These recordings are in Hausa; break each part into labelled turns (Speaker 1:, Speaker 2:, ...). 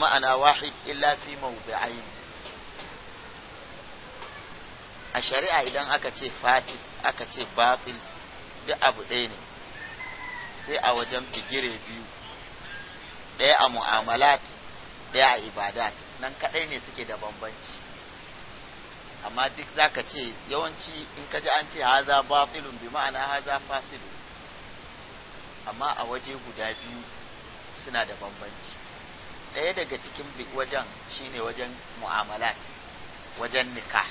Speaker 1: بمعنى واحد إلا في موضعين a shari'a idan aka ce fasid aka ce batil duk abu ɗaya ne sai a wajen bigire biyu ɗaya a mu'amalat ɗaya a ibada nan kaɗai ne suke da bambanci amma duk zaka ce yawanci in ka ji an ce haza batilun bi ma'ana haza fasidun amma a waje guda biyu suna da bambanci ɗaya daga cikin wajen shine wajen mu'amalat wajen nikah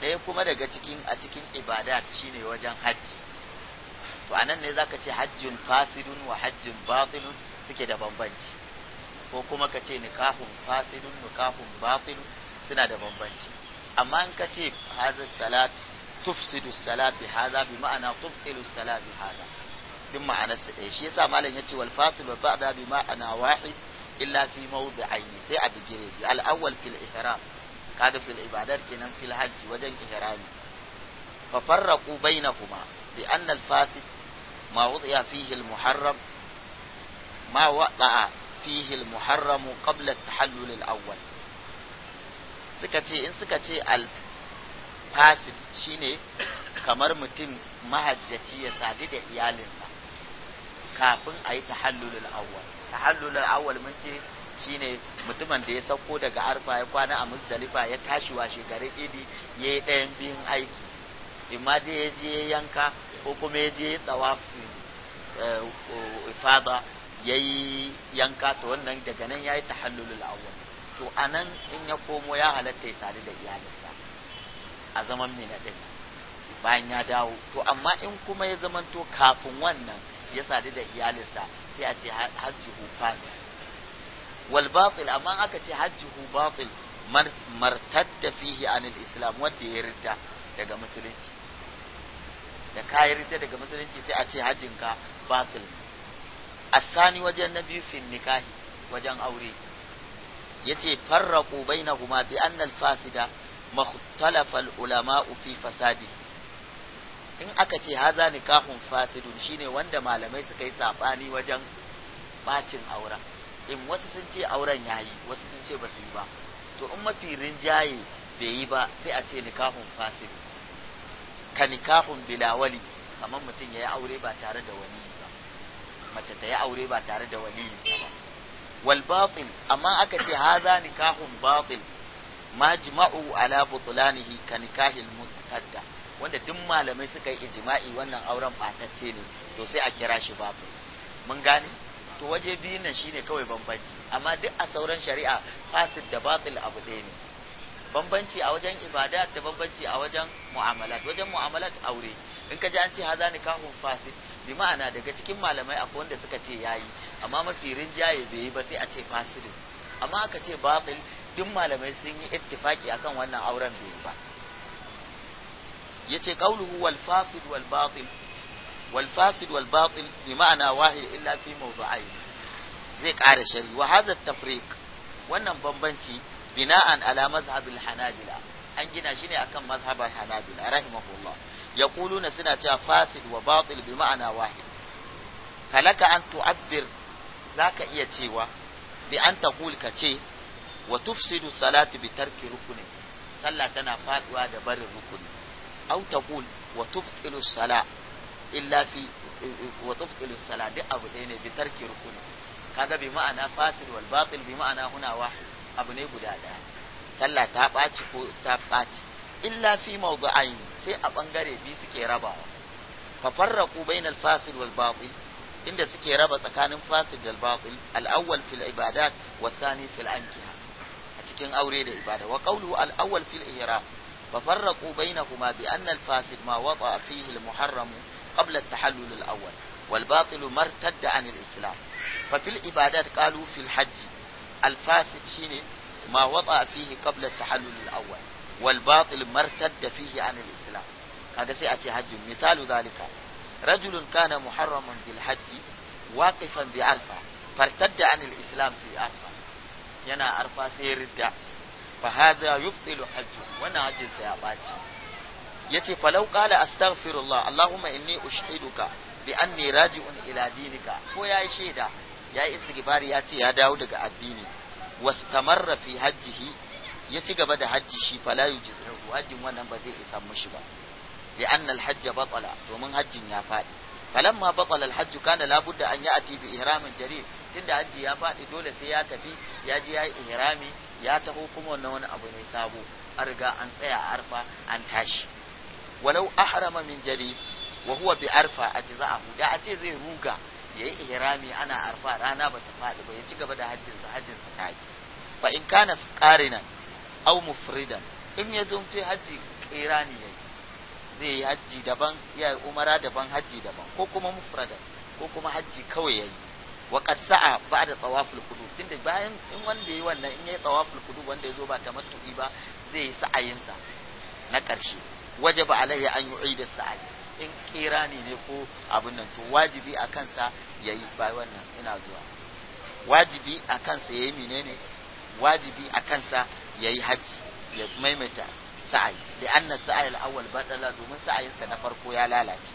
Speaker 1: ɗaya kuma daga cikin a cikin ibadat shine wajen hajji to anan ne zaka ce hajjun fasidun wa hajjun batilun suke da bambanci ko kuma ka ce nikahun fasidun nikahun batil suna da bambanci amma in ka ce hadha salat tufsidu salat bi hadha bi ma'ana tufsilu salat bi hadha din ma'anar su ɗaya shi yasa malam yace wal fasil wa ba'da bi ma'ana wahid إلا في موضعين سيئة بجريبي الأول في الإحرام كاد في العبادات كنن في الحج وجن إحرامي ففرقوا بينهما بأن الفاسد ما وضع فيه المحرم ما وضع فيه المحرم قبل التحلل الأول سكتي إن سكتي الفاسد شيني kamar mutum mahajjaci ya sadu كافن أي kafin الأول tahallul awwal mun ce shine mutumin da ya sauko daga arfa ya kwana a musdalifa ya tashi washe gare idi ya yi ɗayan biyun aiki imma da ya je ya yanka ko kuma ya je ya tsawa eh, ifada ya yi yanka to wannan daga nan ya yi tahallulul awwal to a nan in ya komo ya halatta ya sadu da iyalinsa a zaman na ɗin bayan ya dawo to amma in kuma ya zamanto kafin wannan ya sadu da iyalinsa sai a ce hajjuhu fasil wal batil amma aka ce hajjuhu batil martadda fihi anil islam wanda ya ridda daga musulunci da ka ridda daga musulunci sai a ce hajjinka batil asani wajen na biyu fin nikahi wajen aure yace farraqu bainahuma bi annal fasida makhtalafa al ulama fi fasadihi in aka ce haza nikahun fasidun shine wanda malamai suka yi sabani wajen bacin auren in wasu sun ce auren yayi wasu sun ce ba su yi ba to in mafi rinjaye bai yi ba sai a ce nikahun fasid ka nikahun bilawali kamar mutum ya yi aure ba tare da wani ba mace ta yi aure ba tare da wani ba wal batil amma aka ce haza nikahun batil ma ala butlanihi ka nikahil mutadda wanda duk malamai suka yi ijma'i wannan auren batacce ne to sai a kira shi babu mun gane to waje biyun nan shine kawai bambanci amma duk a sauran shari'a fasid da batil abu ɗaya ne bambanci a wajen ibada da bambanci a wajen mu'amalat wajen mu'amalat aure in ka ji an ce haza ni kahu fasid bi ma'ana daga cikin malamai akwai wanda suka ce yayi amma mafi rinjaye bai yi ba sai a ce fasid amma aka ce batil duk malamai sun yi ittifaki akan wannan auren bai yi ba yace qawluhu wal fasid wal wal fasid wal bi ma'ana wahid illa fi mawdu'ain zai ƙara shari wa hadha wannan bambanci bina'an ala mazhabil hanabila an gina shi ne akan mazhabar hanabila rahimahullah yaquluna suna cewa fasid wa batil bi ma'ana wahid kalaka an tu'abbir zaka iya cewa bi an taqul ka ce wa tufsidu salatu bi tarki rukuni sallah tana faduwa da barin rukuni au taqul wa tubtilu sala duk abu ɗaya ne bi tarki rukuni kaga bi ma'ana fasil wal batil bi ma'ana huna wahid abu ne guda ɗaya sallah ta ɓaci ko ta ɓaci illa fi sai a ɓangare biyu suke rabawa fa farraqu bainal fasil wal batil inda suke raba tsakanin fasil da ankiha a cikin aure da ibada wa ففرقوا بينهما بأن الفاسد ما وطأ فيه المحرم قبل التحلل الأول والباطل ما ارتد عن الإسلام ففي العبادات قالوا في الحج الفاسد شين ما وطأ فيه قبل التحلل الأول والباطل ما ارتد فيه عن الإسلام هذا سيأتي حج مثال ذلك رجل كان محرما بالحج واقفا بعرفة فارتد عن الإسلام في عرفة ينا عرفة سيرد fa yubtilu hajju wannan hajjin sa ya baci yace falau qala astaghfirullah allahumma inni ushiduka bi anni raji'un ila dinika ko yayi shaida yayi istighfari ya ce ya dawo daga addini wastamarra fi hajjihi ya ci gaba da hajji shi fala yujzihu hajjin wannan ba zai isa mushi ba li anna al hajja batala domin hajjin ya fadi falamma batal alhajj kana labudda an ya'ti bi ihramin jarir tunda hajji ya faɗi dole sai ya tafi ya ji ya yi ihrami ya taho kuma wannan wani abu ne sabo an riga an tsaya a arfa an tashi walau ahrama min jarir wa huwa bi arfa ajza'ahu da a ce zai ruga yayi ihrami ana arfa rana bata faɗi ba ya ci gaba da hajjin sa hajjin sa tayi fa in kana qarinan aw mufridan in ya zumce hajji qirani zai yi hajji daban ya yi umara daban hajji daban ko kuma mufradan ko kuma hajji kawai ya yi wa qad sa'a ba'da tawaful qudub tunda bayan in wanda yi wannan in yayi tawaful qudub wanda yazo ba tamattu'i ba zai yi sa'ayin sa na karshe wajaba alayya an yu'ida sa'i in kirani ne ko abin nan to wajibi a kansa yayi ba wannan ina zuwa wajibi a kansa yayi menene wajibi a kansa yayi hajji ya maimaita sa'ayi da anna sa'ayi al-awwal badala domin sa'ayinsa na farko ya lalace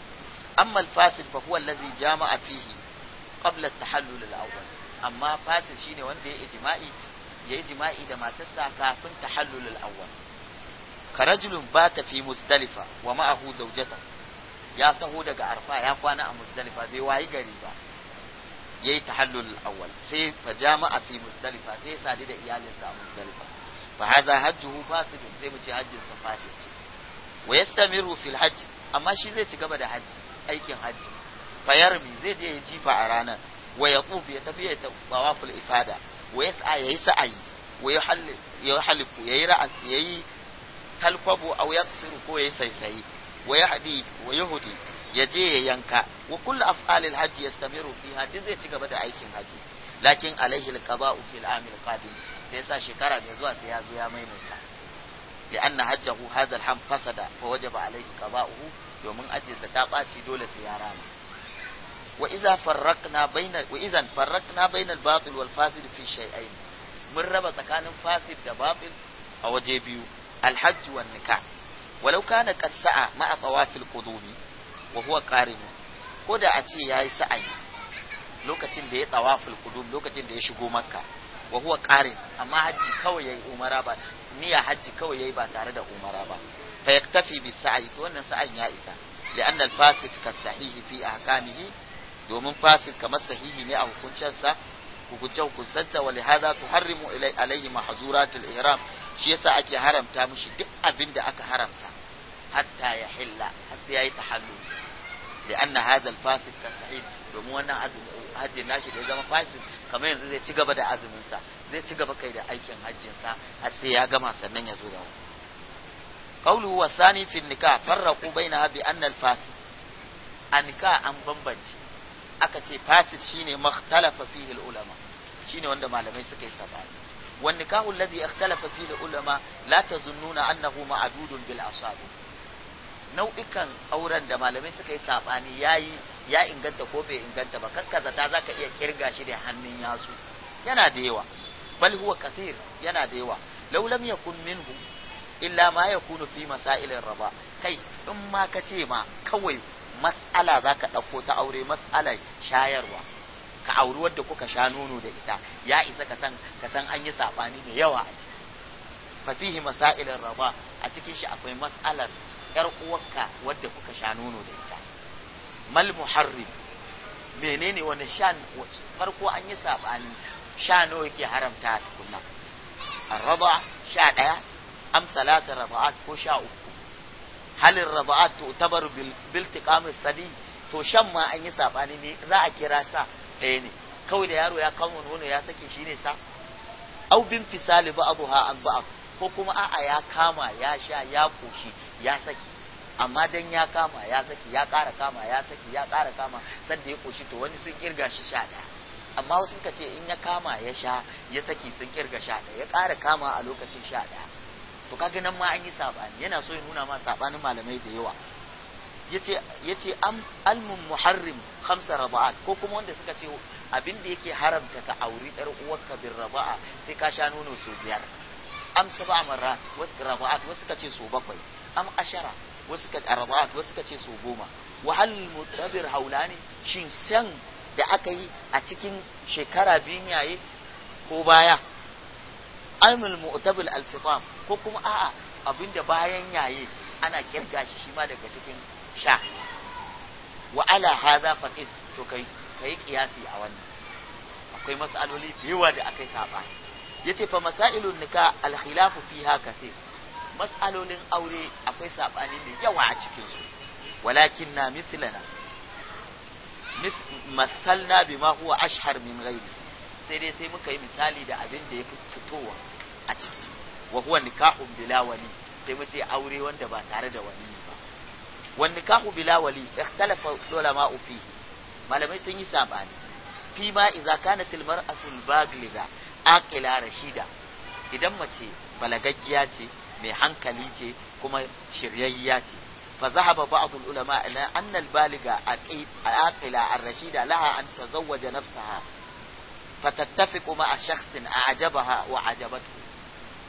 Speaker 1: amma al-fasid fa huwa allazi jama'a fihi qabla tahallul al amma fasid shine wanda ya ijma'i ya ijma'i da matarsa kafin tahallul al-awwal karajulun bata fi musdalifa wa ma'ahu zawjata ya taho daga arfa ya kwana a musdalifa bai wayi gari ba yayi tahallul al-awwal sai fa jama'a fi musdalifa sai sadi da iyalinsa a musdalifa. fa hadha hajjuhu fasid sai mu ce hajjin sa fasid wa yastamiru fil hajj amma shi zai ci gaba da hajji aikin hajji fa yarmi zai je ya jifa a ranar wa yaquf ya tafi ya tawaful ifada wa yas'a yayi sa'ayi wa yuhallil yuhallifu yayi ra'as yayi talqabu aw yaqsiru ko yayi saisayi wa yahdi wa yuhdi ya je ya yanka wa af'al al hajji yastamiru fiha duk zai ci gaba da aikin hajji lakin alaihi al alqaba'u fil amil qadim sai yasa shekara mai zuwa sai ya zo ya maimaita li anna hajjahu hadha alham fasada fa wajaba alayhi qada'uhu domin ajinsa ta ɓaci dole sai ya rama wa idza farraqna baina wa idzan farraqna baina al-batil wal fasid fi shay'ain mun raba tsakanin fasid da batil a waje biyu al-hajj na nikah walau kana qasa'a ma'a tawafil qudumi wa huwa ko da a ce yayi sa'ayi lokacin da ya tawafil qudum lokacin da ya shigo makka wa huwa qarin amma haji kawai yayi umara ba niyya haji kawai yayi ba tare da umara ba fa yaktafi bi sa'i to wannan sa'in ya isa li anna al-fasid ka sahihi fi ahkamihi domin fasid kamar sahihi ne a hukuncinsa hukuncin hukunsansa wa lihadha tuharrimu alayhi mahzurat al-ihram shi yasa ake haramta mishi duk abinda aka haramta hatta ya hilla hatta yayi tahallu li anna hadha al-fasid ka sahihi domin wannan hajji nashi da ya zama fasid kamar yanzu zai ci gaba da azumin sa zai ci gaba kai da aikin hajjin sa sai ya gama sannan ya zo da wani qawluhu wasani fi nikah farraqu bainaha bi anna al fasid an an bambance aka ce fasid shine makhtalafa fihi al ulama ne wanda malamai suka yi sabani wani nikahu alladhi ikhtalafa fihi al ulama la tazunnuna annahu ma'dudun bil asabi nau'ikan auren da malamai suka yi saɓani ya yi ya inganta ko bai inganta ba kakkaza ta za ka iya kirga shi da hannun yasu yana da yawa bal huwa kathir yana da yawa law lam yakun minhu illa ma yakunu fi masailin raba kai in ma ka ce ma kawai mas'ala za ka ɗauko ta aure mas'alar shayarwa ka auri wadda kuka sha nono da ita ya isa ka san ka san an yi saɓani da yawa a ciki fa fihi masailin raba a cikin shi akwai mas'alar yar uwarka wadda kuka sha nono da ita mal muharrim menene wani shan farko an yi sabani sha nawa yake haramta tukunna arraba sha daya am salatu raba'at ko sha uku halin raba'at tu'tabaru bil sadi to shan ma an yi sabani ne za a kira sa ɗaya ne kawai da yaro ya kama nono ya sake shi ne sa au bin fisali ba'dha an ba'd ko kuma a'a ya kama ya sha ya koshi ya saki amma dan ya kama ya saki ya ƙara kama ya saki ya ƙara kama sanda ya koshi to wani sun kirga shi sha ɗaya amma wasu ka ce in ya kama ya sha ya saki sun kirga sha ɗaya ya ƙara kama a lokacin sha ɗaya to kaga nan ma an yi saɓani yana so ya nuna ma saɓanin malamai da yawa ya ce almun muharrim hamsa raba'at ko kuma wanda suka ce abin da yake haramta ka auri ɗar uwarka bin raba'a sai ka sha nono so biyar am sab'a marrat wasu raba'at wasu suka ce so bakwai am ashara wasu ka arba'at wasu ka ce so goma wa hal mutabir haulani shin san da aka yi a cikin shekara biyun yayi ko baya almul mu'tabil alfitam ko kuma a'a abinda bayan yaye ana kirga shi shi ma daga cikin sha wa ala hadha faqis to kai kai kiyasi a wannan akwai mas'aloli da da akai saba yace fa masailun nika al khilafu fiha kathir matsalolin aure akwai sabani mai yawa a cikinsu walakin na mislana masalna bi ma huwa ashhar min ghairi sai dai sai muka yi misali da abin da ya fi fitowa a ciki wa huwa nikahu bila wali sai mu ce aure wanda ba tare da wali ba wa nikahu bila wali ikhtalafa ulama fihi malamai sun yi sabani fi ma idza kanat al mar'atu al baligha aqila rashida idan mace balagaggiya ce mai hankali ce kuma shiryayya ce fa zahaba ba'd ulama ila anna al baliga aqila ar rashida laha an tazawwaja nafsaha fatattafiqu ma'a shakhsin a'jabaha wa ajabatu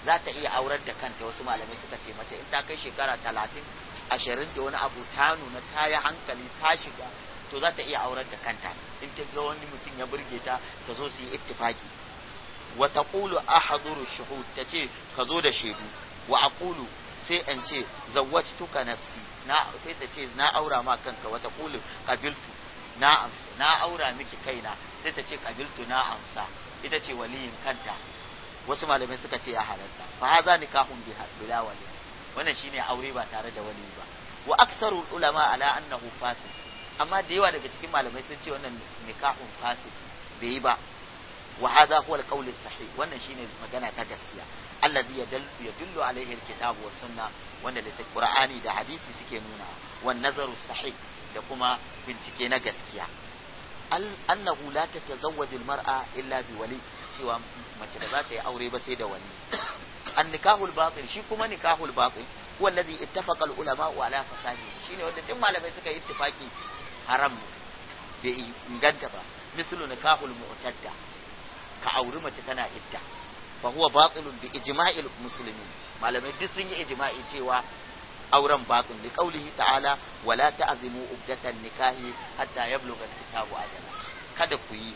Speaker 1: za ta iya aurar da kanta wasu malamai suka ce mace in ta kai shekara talatin ashirin da wani abu ta nuna ta hankali ta shiga to za ta iya aurar da kanta in ta ga wani mutum ya burge ta ta zo su yi ittifaki Wataƙulu taqulu Shahu shuhud tace ka zo da shaidu wa aqulu sai an ce zawwajtuka nafsi na sai ta ce na aura ma kanka wata qulu qabiltu na amsa na aura miki kaina sai ta ce qabiltu na amsa ita ce waliyin kanta wasu malamai suka ce ya halatta fa hadha nikahun bila wali wannan shine aure ba tare da wali ba wa aktharu ulama ala annahu fasid amma da yawa daga cikin malamai sun ce wannan nikahun fasid bai yi ba wa haza huwa al sahih wannan shine magana ta gaskiya alladhi yadullu alaihi alkitab wa sunna wanda da qur'ani da hadisi suke nuna wan nazaru sahih da kuma bincike na gaskiya annahu la tatazawwaju almar'a illa bi wali cewa mace da za ta yi aure ba sai da wani an nikahul batil shi kuma nikahul batil huwa alladhi ittafaqa alulama ala fasadi shine wanda duk malamai suka yi ittifaki haram bai inganta ba mislu nikahul mu'tadda ka auri mace tana idda fa huwa batilun bi ijma'il muslimin malamai duk sun yi ijma'i cewa auren batil li qaulihi ta'ala wala ta'zimu ubdatan nikahi hatta yablugha kitabu ajala kada ku yi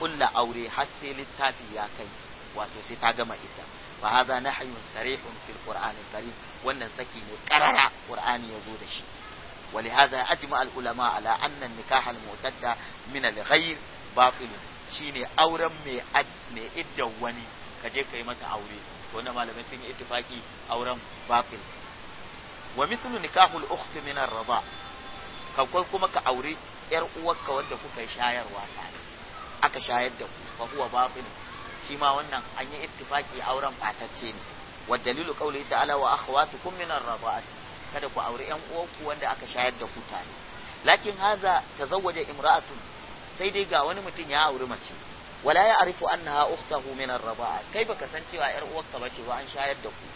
Speaker 1: kulla aure har sai littafi ya kai wato sai ta gama ita fa hadha nahyun sarihun fil qur'an karim wannan saki ne karara qur'ani yazo da shi ولهذا أجمع العلماء على أن النكاح المعتد من الغير باطل shine auren mai idda wani ka je ka yi mata aure to wannan malamai sun yi ittifaki auren batil wa mithlu nikahul ukhti min ar-rida ka kuma ka aure yar uwarka wanda kuka yi shayarwa tare aka shayar da ku fa huwa batil shi ma wannan an yi ittifaki auren batacce ne wa dalilu qawlihi ta'ala wa akhwatukum min ar-rida'ati kada ku aure yan uwarku wanda aka shayar da ku tare lakin haza tazawwaja imra'atun sai dai ga wani mutum ya auri mace wala ya arifu annaha ukhtahu min ar kai baka san cewa yar uwarka bace ba an shayar da ku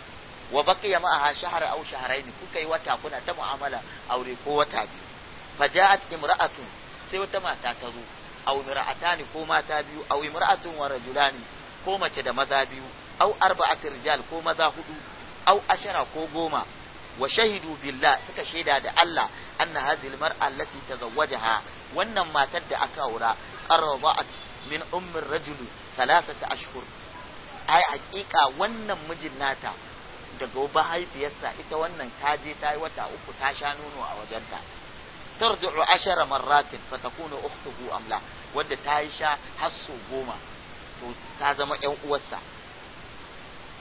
Speaker 1: wa baqiya ma'aha shahr aw shahrayn kuka yi wata kuna ta mu'amala aure ko wata biyu faja'at imra'atun sai wata mata tazo. zo aw imra'atani ko mata biyu aw imra'atun wa rajulani ko mace da maza biyu Au arba'atir rijal ko maza hudu Au ashara ko goma wa shahidu billa suka shaida da Allah anna hadhihi al-mar'a allati tazawwajaha wannan matar da aka aura qarraba'at min ummin rajulu talatata ashhur ai hakika wannan mijin nata daga mahaifiyarsa ita wannan ta je ta yi wata uku ta sha nono a wajenta tarji'u ashara marratin fa takunu ukhtuhu amla wadda ta yi sha har so goma to ta zama ƴan uwarsa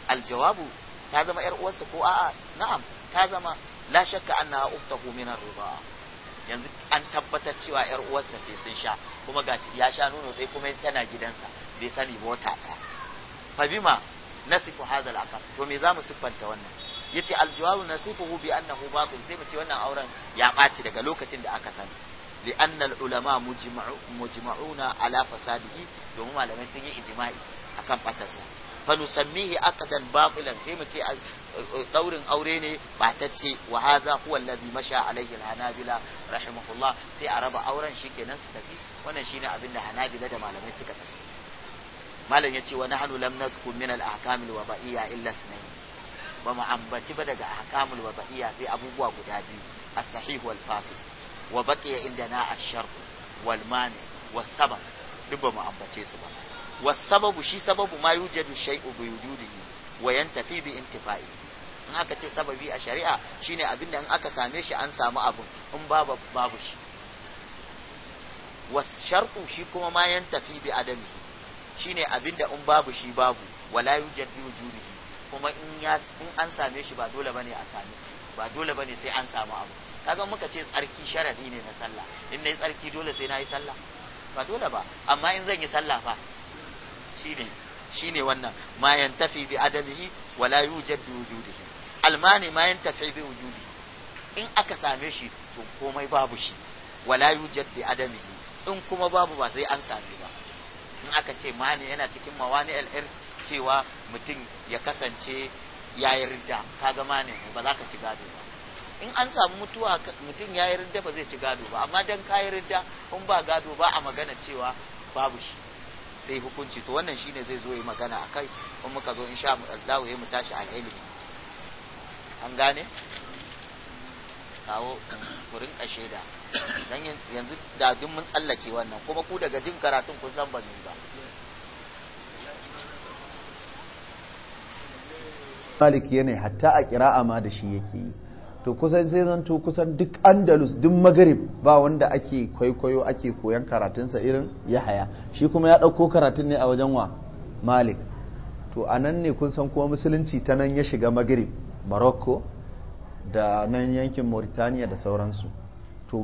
Speaker 1: aljawabu ta zama ƴar uwarsa ko a'a na'am ta zama la shakka annaha ukhtuhu min ar-rida'a yanzu an tabbatar cewa yar uwarsa ce sun sha kuma ga ya sha nuno sai kuma tana gidansa bai sani ba wata ɗaya bima nasifu hadha al to me zamu siffanta wannan yace al-jawabu nasifuhu bi annahu batil sai mu ce wannan auren ya ɓaci daga lokacin da aka sani li anna al-ulama mujma'una ala fasadihi domin malamai sun yi ijma'i akan fatarsa fa nusammihi aqdan batilan sai mu ce daurin aure ne ba ta ce wa haza huwa allazi masha al alhanabila rahimahullah sai a raba auren shikenan su tafi wannan shine abin da hanabila da malamai suka tafi malam yace wa nahnu lam nadhkur min al-ahkam al-wada'iyya illa ithnayn ba mu ambaci ba daga ahkam al-wada'iyya sai abubuwa guda biyu as-sahih wal fasid wa baqiya indana ash-shar wal mani was sabab duk ba mu ambace su ba was sababu shi sababu ma yujadu shay'u bi wujudihi wa yantafi bi intifa'i in aka ce sababi a shari'a shine abin da in aka same shi an samu abu in babu babu shi shartu shi kuma ma yan tafi bi adami shine abin da in babu shi babu wala yujad bi wujudihi kuma in ya in an same shi ba dole bane a same ba dole bane sai an samu abu kaga muka ce tsarki sharadi ne na sallah in nayi tsarki dole sai nayi sallah ba dole ba amma in zan yi sallah fa shine shine wannan ma yantafi bi adamihi wala yujad bi wujudihi almani ma yan tafi bi wujudi in aka same shi to komai babu shi wala yujad bi adamihi in kuma babu ba sai an same ba in aka ce mani yana cikin mawani al-irs cewa mutum ya kasance ya yi ridda kaga mani ba za ka ci gado ba in an samu mutuwa mutum ya yi ridda ba zai ci gado ba amma dan ka yi ridda in ba gado ba a magana cewa babu shi sai hukunci to wannan shine zai zo yi magana akai kuma muka zo insha Allah mu tashi a ilimi an gane kawo kurin kashe da don yanzu da duk mun tsallake wannan kuma ku daga jin karatun kun san ba ba Malik yana hatta a kira'a ma da shi yake yi to kusan sai zanto kusan duk andalus duk magarib ba wanda ake kwaikwayo ake koyan karatunsa irin yahaya shi kuma ya ɗauko karatun ne a wajen wa malik to a nan ne kun san kuma musulunci ta nan ya shiga magarib morocco da nan yankin mauritania da sauransu